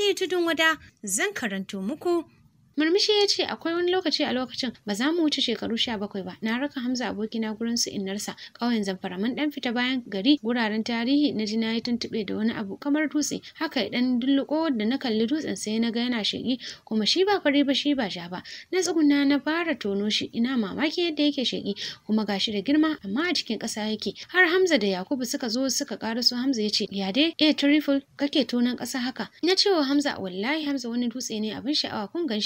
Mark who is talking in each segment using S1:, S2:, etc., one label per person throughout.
S1: Lili Tudun Wada zan karanto muku Murmushi ya ce akwai wani lokaci a lokacin ba za mu wuce shekaru sha bakwai ba. Na raka Hamza abokina gurin su innarsa ƙauyen Zamfara mun dan fita bayan gari guraren tarihi na ji na yi tuntuɓe da wani abu kamar dutse. Haka ya dan dulluko da na kalli dutsen sai na ga yana sheƙi kuma shi ba fari ba shi ba sha ba. Na tsuguna na fara tono shi ina mamaki yadda yake sheƙi kuma gashi da girma amma a cikin ƙasa yake. Har Hamza da Yakubu suka zo suka su Hamza ya ce ya dai e Trifle kake tonon ƙasa haka. Na cewa Hamza wallahi Hamza wani dutse ne abin sha'awa kun gan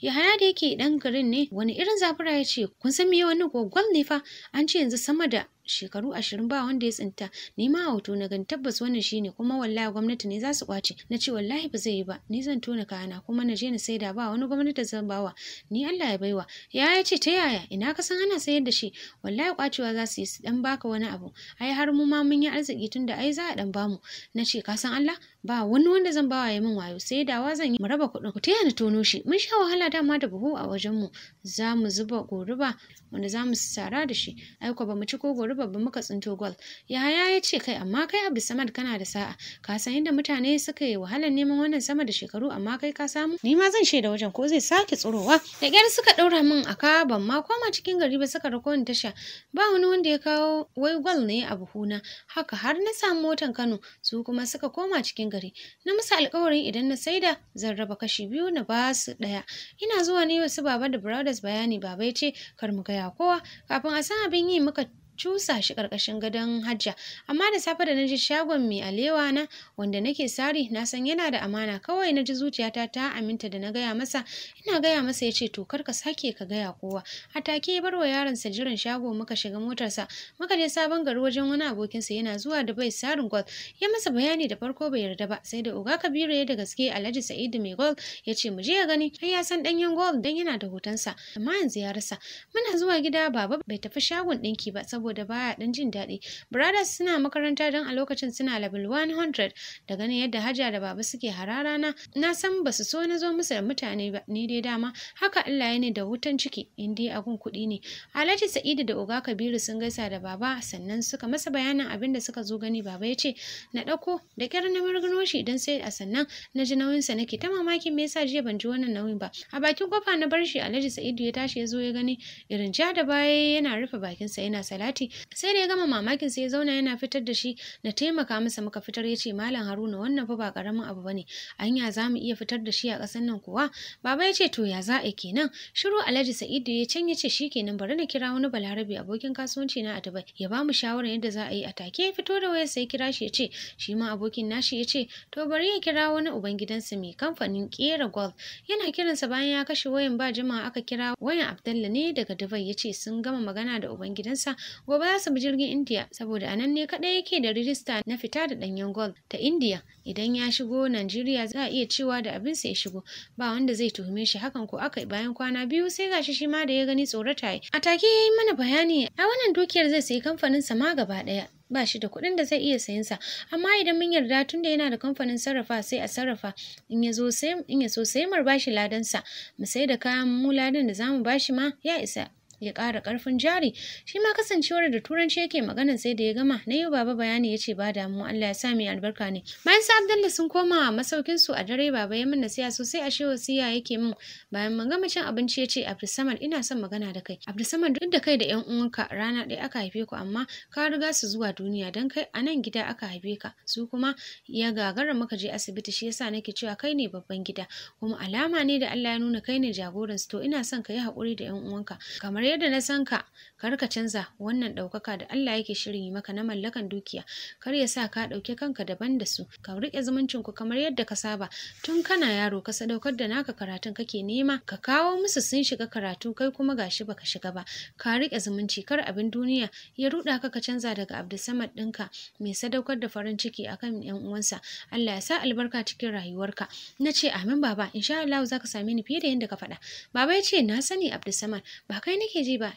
S1: Yahaya da yake dan garin ne wani irin zafura ya ce kun san me wani gogwal ne fa an ce yanzu sama da shekaru ashirin ba wanda ya tsinta ni ma hoto na gani tabbas wannan shine kuma wallahi gwamnati ne za su kwace na ce wallahi ba zai yi ba ni zan tona kayana kuma na je na saida ba wani gwamnati zan bawa ni Allah ya baiwa ya ya ce ta yaya ina ka san ana sayar da shi wallahi kwacewa za su yi su dan baka wani abu ai har mu ma mun yi arziki tunda ai za a dan bamu na ce ka san Allah ba wani wanda zan bawa ya min wayo sai dawa zan yi mu raba kuɗin ku taya ni tono shi mun sha wahala dama da buhu a wajen mu za mu zuba goruba wanda za mu sara da shi ai ba mu ci ko goruba babba muka tsinto gol Yaya ya ce kai amma kai abu samad kana da sa'a ka san inda mutane suka yi wahalar neman wannan sama da shekaru amma kai ka samu ni ma zan shaida wajen ko zai sake tsirowa da ƙyar suka ɗaura min a ban ma koma cikin gari ba suka rako ni tasha ba wani wanda ya kawo wai gwal ne a buhuna haka har na samu motan kano su kuma suka koma cikin gari na musu alƙawarin idan na saida zan raba kashi biyu na ba su ɗaya ina zuwa ne wasu baba da brothers bayani baba ya ce kar mu gaya kowa kafin a san abin yi muka cusa shi ƙarƙashin gadon hajja amma da safe da naji shagon mai alewa na wanda nake sari na san yana da amana kawai naji zuciyata ta aminta da na gaya masa ina gaya masa ya ce to kar ka sake ka gaya kowa a take bar wa sa jiran shago muka shiga motarsa muka je sabon gari wajen wani abokinsa yana zuwa da bai sarin gold ya masa bayani da farko bai yarda ba sai da uga kabiru ya da gaske alhaji sa'idu mai gold ya ce mu je ya gani har ya san ɗanyen gold dan yana da hotonsa amma yanzu ya rasa muna zuwa gida baba bai tafi shagon ɗinki ba saboda saboda baya dan jin daɗi brothers suna makaranta don a lokacin suna level 100 da ganin yadda hajja da baba suke harara na na san ba su so na zo musu da mutane ba ni dai dama haka Allah ya ne da wutan ciki in dai abun kuɗi ne Alhaji Sa'idu da Oga Kabiru sun gaisa da baba sannan suka masa bayanin abin da suka zo gani baba ya ce na ɗauko da kyar na mirgino shi idan sai a sannan na ji nauyin sa nake ta mamakin me yasa jiya ban ji wannan nauyin ba a bakin kofa na bar shi Alhaji Sa'idu ya tashi ya zo ya gani irin ja da baya yana rufe bakinsa yana salati salati sai da ya gama mamakin sai ya zauna yana fitar da shi na taimaka masa muka fitar ya ce malam haruna wannan fa ba karamin abu bane anya za mu iya fitar da shi a kasan nan kuwa baba ya ce to ya za a kenan shiru alhaji sa'idu ya can ya ce shikenan bari na kira wani balarabe abokin kasuwanci na a dubai ya ba mu shawarar yadda za a yi a take ya fito da wayar sai kira shi ya ce shi ma abokin nashi ya ce to bari ya kira wani ubangidansa mai kamfanin kera golf yana kiransa bayan ya kashe wayan ba jama'a aka kira wayan abdalla ne daga dubai ya ce sun gama magana da ubangidansa gobe za su bi jirgin India saboda a nan ne kaɗai yake da rijista na fita da ɗanyen gold ta India idan ya shigo Najeriya za a iya cewa da abin sa ya shigo ba wanda zai tuhume shi hakan ko aka bayan kwana biyu sai gashi shi ma da ya gani tsorata yi a take ya yi mana bayani a wannan dukiyar zai sayi kamfanin sa ma gaba daya ba shi da kuɗin da zai iya sayan sa amma idan mun yarda tun da yana da kamfanin sarrafa sai a sarrafa in ya zo sai in ya so sai mu bashi ladan sa mu sai da kayan mu ladan da zamu bashi ma ya isa ya ƙara ƙarfin jari shi ma kasancewar da turanci yake maganan sai da ya gama na yi baba bayani ya ce ba damu Allah ya sa mai albarka ne bayan sa abdalla sun koma masaukin su a dare baba ya minna siya sosai a ashe wasiya yake min bayan mun gama cin abinci ya ce Abdulsamad ina son magana da kai Abdulsamad duk da kai da yan uwanka rana ɗaya aka haife ku amma ka riga su zuwa duniya dan kai a nan gida aka haife ka su kuma ya gagara muka je asibiti shi yasa nake cewa kai ne babban gida kuma alama ne da Allah ya nuna kai ne jagoran su to ina son ka yi haƙuri da yan uwanka kamar yadda na san ka kar ka canza wannan ɗaukaka da Allah yake shirin yi maka na mallakan dukiya kar ya sa ka ɗauki kanka daban da su ka riƙe zumuncin ku kamar yadda ka saba tun kana yaro ka sadaukar da naka karatun kake nema ka kawo musu sun shiga karatu kai kuma gashi baka shiga ba ka riƙe zumunci kar abin duniya ya ruɗa ka ka canza daga Abdulsamad ɗinka mai sadaukar da farin ciki akan ƴan uwansa Allah ya sa albarka cikin rayuwarka na ce amin baba insha Allah za ka same ni fiye da yadda ka faɗa baba ya ce na sani Abdulsamad ba kai nake nake ji ba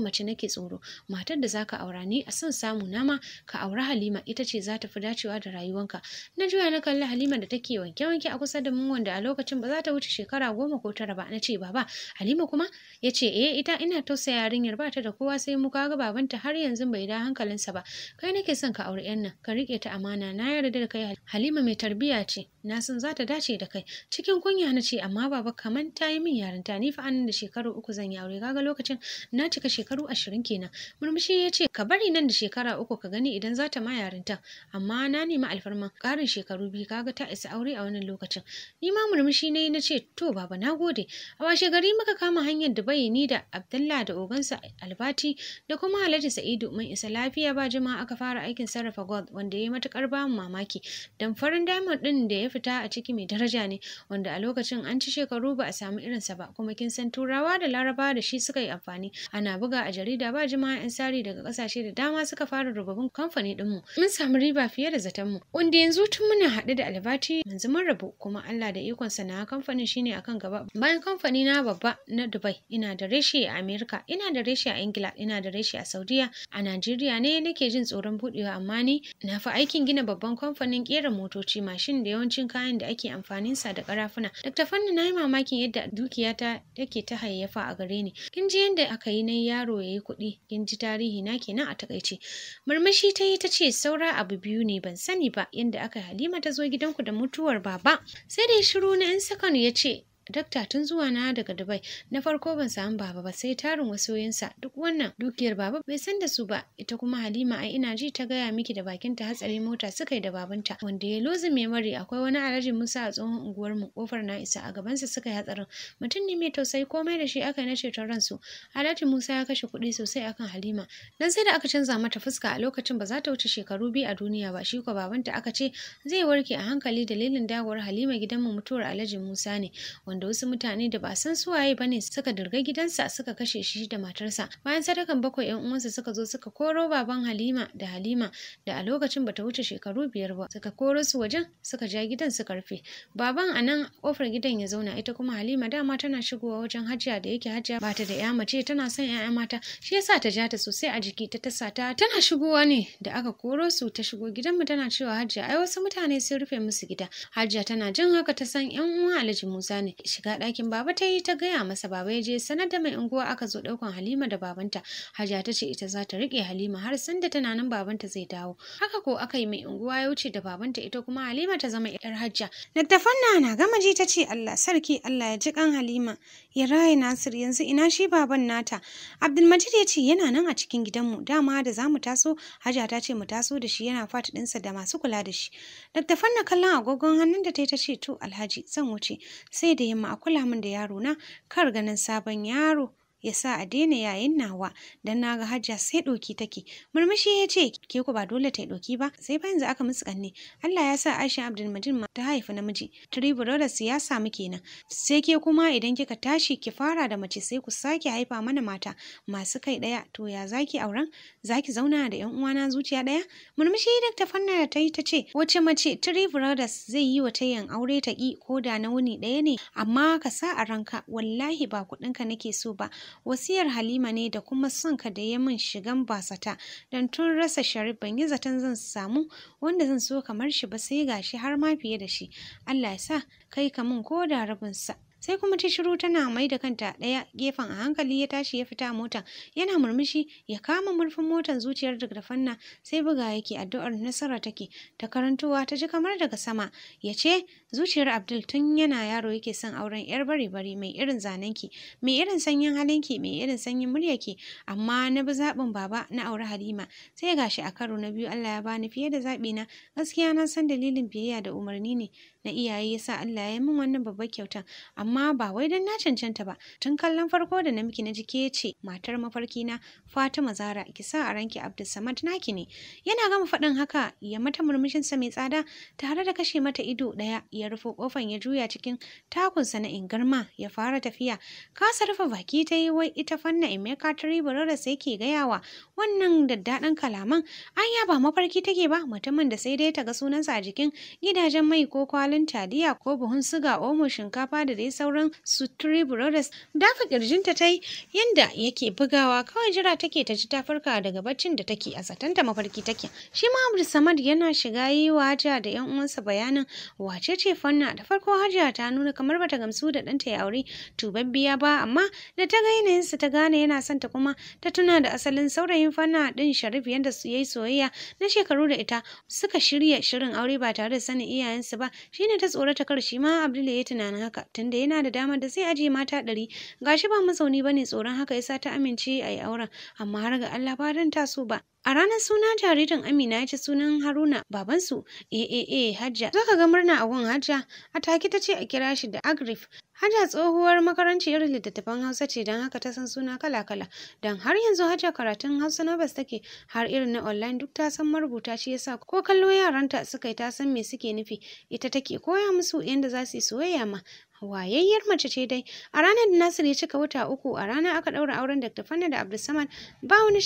S1: mace nake tsoro matar da zaka aura ni a son samu nama ka aura halima ita ce za ta fi dacewa da rayuwanka na juya na kalli halima da take wanke wanke a kusa da mu wanda a lokacin ba za ta wuce shekara goma ko tara ba na ce baba halima kuma ya ce eh ita ina tausaya yarinyar ba ta da kowa sai mu kaga babanta har yanzu bai da hankalinsa ba kai nake son ka aure yan nan ka rike ta amana na yarda da kai halima mai tarbiyya ce na san za ta dace da kai cikin kunya na ce amma baba kamar ta yi min yarinta ni fa anan da shekaru uku zan yi aure kaga lokacin na cika shekaru ashirin kenan murmushi ya ce ka bari nan da shekara uku ka gani idan za ta ma yarinta amma na nemi alfarma karin shekaru biyu kaga ta isa aure a wannan lokacin ni ma murmushi na yi na ce to baba na gode a washe gari muka kama hanyar da bai ni da abdullah da ogansa albati da kuma alhaji sa'idu mun isa lafiya ba jama'a aka fara aikin sarrafa gold wanda ya yi matukar bamu mamaki damfarin diamond din da ya fi fita a ciki mai daraja ne wanda a lokacin an ci shekaru ba a samu irinsa ba kuma kin san turawa da laraba da shi suka yi amfani ana buga a jarida ba jima'a yan sari daga kasashe da dama suka fara rubabin kamfani dinmu mun samu riba fiye da zaton mu wanda yanzu tun muna haɗu da albati yanzu mun rabu kuma Allah da ikon na kamfanin shine akan gaba bayan kamfani na babba na Dubai ina da reshe a Amerika ina da reshe a Ingila ina da reshe a Saudiya a Najeriya ne nake jin tsoron buɗewa amma ni na fi aikin gina babban kamfanin kera motoci mashin da yawanci yawancin kayan da ake amfanin sa da karafuna Dr. Fanni na yi mamakin yadda dukiyata take ta hayyafa a gare ni. Kin ji yadda aka yi na yaro ya yi kuɗi, kin ji tarihi na kenan a takaice. Murmushi ta yi ta ce saura abu biyu ne ban sani ba yadda aka Halima ta zo gidanku da mutuwar baba. Sai dai shiru na 'yan sakanu ya ce dakta tun zuwa na daga dubai na farko ban samu baba ba sai tarin wasoyinsa duk wannan dukiyar baba bai san da su ba ita kuma halima ai ina ji ta gaya miki da bakin ta hatsari mota suka yi da babanta wanda ya lozi mari. akwai wani alhaji musa a tsohon unguwar mu kofar na isa a gabansa suka yi hatsarin mutum ne mai tausayi komai da shi aka yi na ceton ransu alhaji musa ya kashe kuɗi sosai akan halima dan sai da aka canza mata fuska a lokacin ba za ta wuce shekaru biyu a duniya ba shi ko babanta aka ce zai warke a hankali dalilin dawowar halima gidan mu mutuwar alhaji musa ne wanda wasu mutane da ba san su waye bane suka dirga gidansa suka kashe shi da matarsa bayan sadakan bakwai yan uwansa suka zo suka koro baban Halima da Halima da a lokacin bata wuce shekaru biyar ba suka koro su wajen suka ja gidan su karfe baban a nan kofar gidan ya zauna ita kuma Halima dama tana shigowa wajen Hajiya da yake Hajiya bata da ya mace tana son 'ya'ya mata shi yasa ta ja ta sosai a jiki ta tasa ta tana shigowa ne da aka koro su ta shigo gidan mu tana cewa Hajiya ai wasu mutane sun rufe musu gida Hajiya tana jin haka ta san 'yan uwan Alhaji Musa ne shiga ɗakin baba ta yi ta gaya masa baba ya je sanar da mai unguwa aka zo ɗaukan halima da babanta hajiya ta ce ita za ta riƙe halima har san da nan babanta zai dawo haka ko aka yi mai unguwa ya wuce da babanta ita kuma halima ta zama yar hajja littafan na gama ji ta ce allah sarki allah ya ji kan halima ya raye nasir yanzu ina shi baban nata abdulmajid ya ce yana nan a cikin gidanmu dama da za mu taso hajiya ta ce mu taso da shi yana fata ɗinsa da masu kula da shi littafan na kallon agogon hannun da ta yi ta ce to alhaji zan wuce sai da ya ma a kula min da yaro na kar ganin sabon yaro ya sa a daina yayin nawa Dan na ga hajja sai ɗoki take murmushi ya ce ke ku ba dole ta yi ɗoki ba sai yanzu aka musu kanne Allah ya sa Aisha Abdulmajid ma ta haifi namiji three brothers ya samu kenan sai ke kuma idan kika tashi ki fara da mace sai ku sake haifa mana mata masu kai ɗaya to ya zaki auren zaki zauna da yan uwana zuciya ɗaya murmushi duk ta fanna da ta ta ce wace mace three brothers zai yi wa tayin aure ta ki ko da na wuni ɗaya ne amma ka sa a ranka wallahi ba kuɗinka nake so ba wasiyar halima ne da kuma son ka da ya min shigan basata don tun rasa sharif ban yi zaton zan samu wanda zan so kamar shi ba sai gashi har ma fiye da shi allah ya sa kai ka min ko da rabinsa sai kuma ta shiru tana mai da kanta ɗaya gefen a hankali ya tashi ya fita motan yana murmushi ya kama murfin motan zuciyar da fanna sai buga yake addu'ar nasara take ta karantowa ta ji kamar daga sama ya ce zuciyar abdul tun yana yaro yake son auren yar bari bari mai irin zanen ki mai irin sanyin halin ki mai irin sanyin murya muryarki amma na bi zaɓin baba na aure halima sai gashi a karo na biyu allah ya bani fiye da zaɓi na gaskiya na san dalilin biyayya da umarni ne na iyaye yasa allah ya yi min wannan babbar kyautan amma amma ba wai don na cancanta ba tun kallon farko da na miki na jike ce matar mafarki na Fatima Zara ki sa a ranki Abdulsamad naki ne yana gama faɗin haka ya mata murmushin sa mai tsada tare da kashe mata ido ɗaya ya rufe kofan ya juya cikin takunsa na ingarma ya fara tafiya kasa rufe baki ta yi wai ita fanna Emeka Tribarara sai ke gayawa wannan daddaɗan kalaman anya ba mafarki take ba mutumin da sai dai ta ga sunansa a jikin gidajen mai ko kwalin taliya ko buhun suga omo shinkafa da dai sauran su three brothers dafa kirjinta ta yi yanda yake bugawa kawai jira take ta ji ta farka daga baccin da take a satanta mafarki take shi ma abdul samad yana shiga yi wa hajiya da yan uwansa bayanin wace ce fanna da farko hajiya ta nuna kamar bata gamsu da ɗanta ya aure tubabbiya ba amma da ta ga yanayinsa ta gane yana son ta kuma ta tuna da asalin saurayin fanna ɗin sharif yadda su yayi soyayya na shekaru da ita suka shirya shirin aure ba tare da sanin iyayensu ba shine ta tsorata kar shi ma abdul ya yi tunanin haka tunda yana da damar da zai ajiye mata ɗari gashi ba mazauni bane tsoron haka yasa ta amince a yi auren amma har ga Allah ba don so ba A ranar suna jaririn Amina ya ce sunan Haruna babansu AAA eh, eh, eh, Hajja. Zaka ga murna a gun Hajja, a take ta ce a kira shi da Agrif. Hajja tsohuwar makarancin littattafan Hausa ce don haka ta san suna kala-kala. Don har yanzu Hajja karatun Hausa Novels take har irin na online duk ta san marubuta shi yasa ko kallo yaranta suka yi ta san me suke nufi. Ita take koya musu yadda za su yi soyayya ma. wayayyar mace ce dai a ranar da Nasir ya cika wata uku a rana aka ɗaura auren Dr. Fanna da Abdulsamad ba wani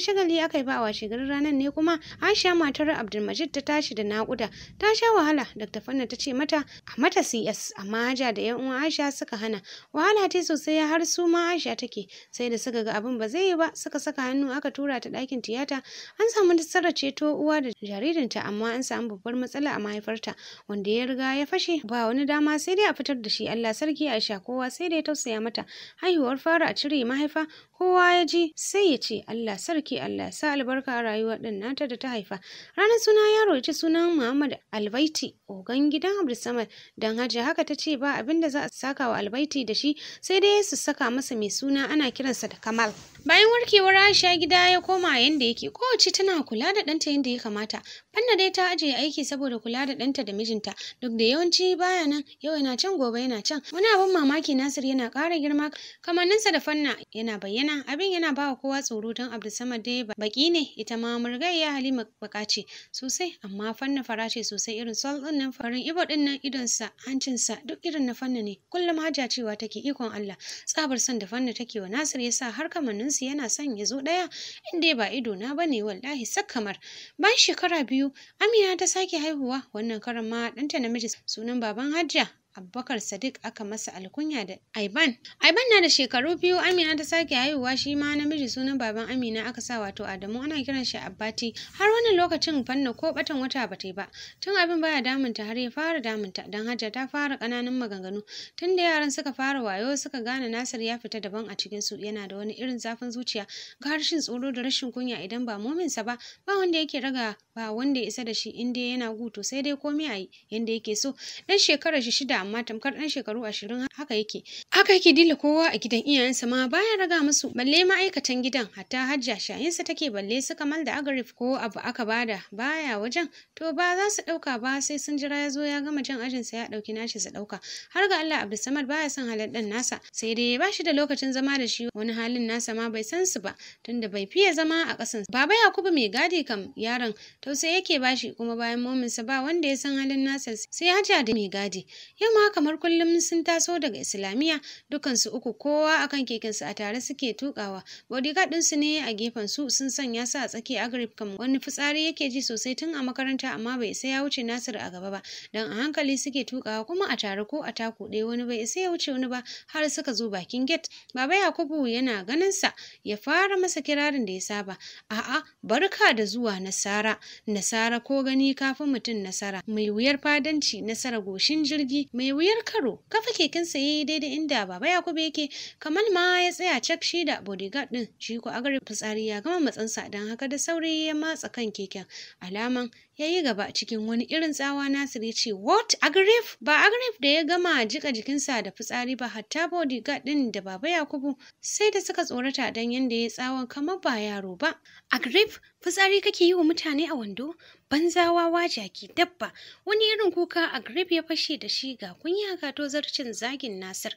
S1: shagali aka yi ba washegarin ranar ne kuma Aisha matar Abdulmajid ta tashi da naƙuda. Ta sha wahala Dr. Fanna ta ce mata a mata CS amma Haja da 'yan uwan Aisha suka hana. Wahala ta sosai har su ma Aisha take sai da suka ga abin ba zai yi ba suka saka hannu aka tura ta ɗakin tiyata. An samu nasarar ceto uwa da jaririnta amma an samu babbar matsala a mahaifarta wanda ya riga ya fashe ba wani dama sai dai a fitar da shi Allah sarki Aisha kowa sai dai tausaya mata. Haihuwar fara a cire mahaifa kowa ya ji sai ya ce Allah sarki Allah sa albarka a rayuwar ɗin nata da ta haifa. Ranar suna yaro ya sunan Muhammad Albaiti ogan gidan Abdulsamad dan hajja haka ta ce ba abin da za a saka wa Albaiti da shi sai dai su saka masa mai suna ana kiransa da Kamal. Bayan warkewar Aisha gida ya koma yadda yake, kowace tana kula da ɗanta yadda ya kamata. Fanna dai ta ajiye aiki saboda kula da ɗanta da mijinta, duk da yawanci baya nan, yau yana can gobe yana can. Wani abin mamaki Nasir yana ƙara girma, kamanninsa da Fanna yana bayyana, abin yana ba wa kowa tsoro don Abdulsamad dai baki ne, ita ma murgayya Halima baka ce sosai, amma Fanna fara ce sosai irin sol ɗin nan farin ibo ɗin nan idonsa, hancinsa duk irin na Fanna ne. Kullum hajja cewa take ikon Allah, tsabar son da Fanna take wa Nasir ya sa har kamannin su yana son ya zo ɗaya in dai ba ido na bane wallahi sa kamar bayan shekara biyu Amina ta sake haihuwa wannan karan ma ɗanta namiji sunan baban Hajja Abubakar Sadiq aka masa alkunya da Aiban. Aiban na da shekaru biyu Amina ta sake haihuwa shi ma namiji sunan baban Amina aka sa wato Adamu ana kiran shi Abbati. Har wani lokacin fanna ko batan wata ba ta ba. Tun abin baya damunta har ya fara damunta dan Hajja ta fara ƙananan maganganu. Tunda yaran suka fara wayo suka gane Nasir ya fita daban a cikin su yana da wani irin zafin zuciya ga harshen tsoro da rashin kunya idan ba sa ba ba wanda yake raga ba wanda ya isa da shi in dai yana gutu sai dai komai a yi yanda yake so. Dan shekarar shi shida amma tamkar ɗan shekaru ashirin haka yake haka yake dila kowa a gidan iyayensa ma bayan raga musu balle ma'aikatan gidan hatta hajja shayinsa take balle su kamal da agarif ko abu aka bada baya wajen to ba za su ɗauka ba sai sun jira ya zo ya gama jan ajinsa ya ɗauki nashi su ɗauka har ga Allah Abdulsamad baya son halin ɗan nasa sai dai ba shi da lokacin zama da shi wani halin nasa ma bai san su ba tunda bai fiye zama a sa. baba Yakubu mai gadi kam yaron tausayi yake bashi kuma bayan mominsa ba wanda ya san halin nasa sai Hajiya da mai gadi yau ma kamar kullum sun taso daga islamiyya dukansu uku kowa akan kekensu a tare suke tukawa bodyguard ɗinsu ne a gefen su sun sanya su a tsakiya agrib kam wani fitsari yake ji sosai tun a makaranta amma bai isa ya wuce nasir a gaba ba dan a hankali suke tukawa kuma a tare ko a taku ɗaya wani bai isa ya wuce wani ba har suka zo bakin gate baba yakubu yana ganin sa ya fara masa kirarin da ya saba a'a barka da zuwa nasara nasara ko gani kafin mutum nasara mai wuyar fadanci nasara goshin jirgi mai wuyar karo kafa keken saye daidai inda baba yakubu yake kamal ma ya tsaya cak shi da bodyguard din shi ko agar fitsari ya gama matsansa Dan haka da sauri ya matsa kan keken alaman ya yi gaba cikin wani irin tsawa Nasir ya ce, What? Agrif? Ba Agrif da ya gama jika jikinsa da fitsari ba hatta bodyguard ɗin da Baba Yakubu sai da suka tsorata don yadda ya tsawon kamar ba yaro ba. Agrif? Fitsari kake yi wa mutane a wando? banzawa jaki dabba. Wani irin kuka Agrif ya fashe da shi ga kunya ga zarcin zagin Nasir.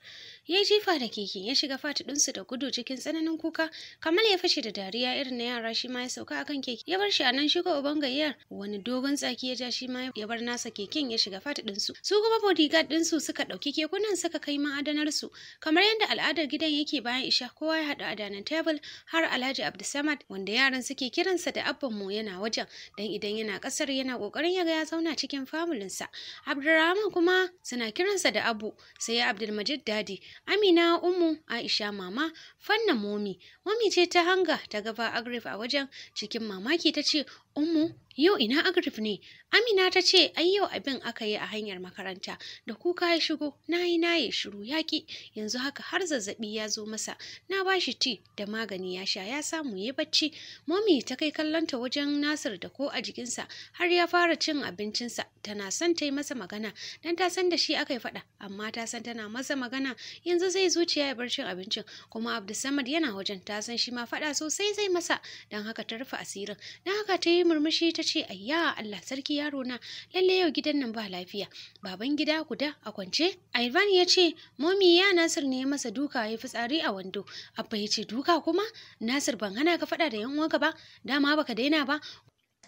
S1: Ya jifa da keke ya shiga fatidinsu da gudu cikin tsananin kuka. kamar ya fashe da dariya irin na yara shi ma ya sauka akan keke ya bar shi a nan shigo uban gayyar wani do dogon tsaki ya ja shi ma ya bar nasa keken ya shiga fat ɗinsu. su kuma bodyguard ɗinsu suka ɗauki kekunan suka kai ma'adanar su kamar yadda al'adar gidan yake bayan isha kowa ya haɗu a adanan table har Alhaji Abdulsamad wanda yaran suke kiransa da abban mu yana wajen dan idan yana ƙasar yana ƙoƙarin ya ga ya zauna cikin familin sa Abdulrahman kuma suna kiransa da Abu sai Abdulmajid Dadi Amina Ummu Aisha mama fanna momi momi ce ta hanga ta gaba agrif a wajen cikin mamaki ta ce Ummu, yau ina agrif ne? Amina ta ce, ai yau abin aka yi a hanyar makaranta, da kuka ya shigo, na yi yi shiru yaƙi, yanzu haka har zazzaɓi ya zo masa, na ba shi ti da magani ya sha ya samu ya bacci. Momi ta kai kallonta wajen Nasir da ko a jikinsa, har ya fara cin abincinsa, tana son ta yi masa magana, dan ta san da shi aka yi faɗa, amma ta san tana masa magana, yanzu zai zuciya ya bar cin abincin, kuma Abdulsamad yana wajen ta san shi ma faɗa sosai zai masa, don haka ta rufe asirin, don haka ta yi murmushi ta ce ayya Allah sarki yaro na lalle yau gidan nan ba lafiya baban gida guda a kwance Ivan ya ce momi ya Nasir ne masa duka ya fitsari a wando abba ya ce duka kuma Nasir ban hana ka faɗa da yan uwanka ba dama baka daina ba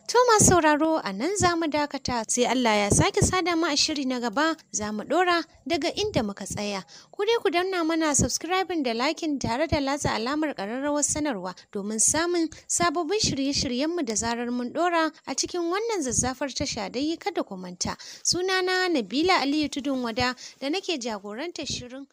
S1: To masu sauraro a nan za mu dakata sai Allah ya sake sada mu a shiri na gaba za mu ɗora daga inda muka tsaya. Ku dai ku danna mana subscribing da liking tare da latsa alamar ƙararrawar sanarwa domin samun sababbin shirye-shiryenmu da zarar mun ɗora a cikin wannan zazzafar tasha dai kada ku manta. Sunana Nabila Aliyu Tudun Wada da nake jagorantar shirin